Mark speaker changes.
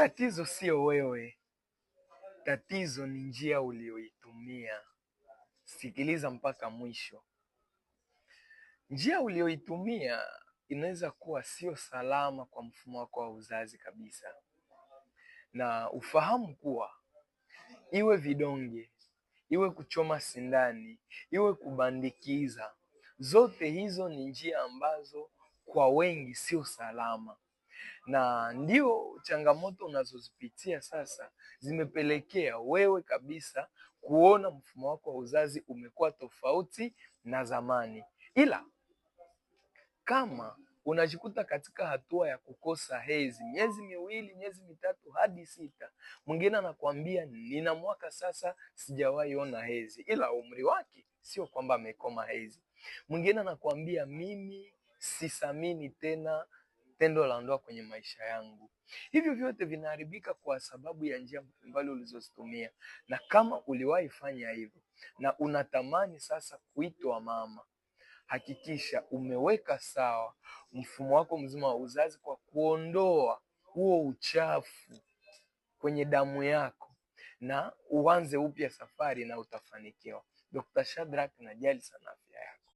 Speaker 1: Tatizo sio wewe, tatizo ni njia uliyoitumia. Sikiliza mpaka mwisho. Njia uliyoitumia inaweza kuwa sio salama kwa mfumo wako wa uzazi kabisa, na ufahamu kuwa iwe vidonge, iwe kuchoma sindani, iwe kubandikiza, zote hizo ni njia ambazo kwa wengi sio salama na ndio changamoto unazozipitia sasa zimepelekea wewe kabisa kuona mfumo wako wa uzazi umekuwa tofauti na zamani. Ila kama unajikuta katika hatua ya kukosa hezi miezi miwili, miezi mitatu hadi sita, mwingine anakuambia nina mwaka sasa sijawahi ona hezi, ila umri wake sio kwamba amekoma hezi Mwingine anakuambia mimi sisamini tena tendo la ndoa kwenye maisha yangu. Hivyo vyote vinaharibika kwa sababu ya njia mbalimbali ulizozitumia, na kama uliwahi fanya hivyo na unatamani sasa kuitwa mama, hakikisha umeweka sawa mfumo wako mzima wa uzazi kwa kuondoa huo uchafu kwenye damu yako na uanze upya safari na utafanikiwa. Dr. Shadrack, najali sana afya yako.